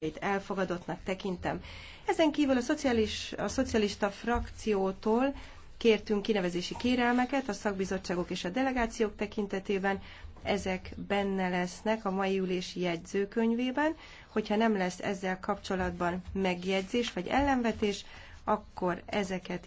itt elfogadottnak tekintem. Ezen kívül a, szociális, a szocialista frakciótól kértünk kinevezési kérelmeket a szakbizottságok és a delegációk tekintetében. Ezek benne lesznek a mai ülési jegyzőkönyvében. Hogyha nem lesz ezzel kapcsolatban megjegyzés vagy ellenvetés, akkor ezeket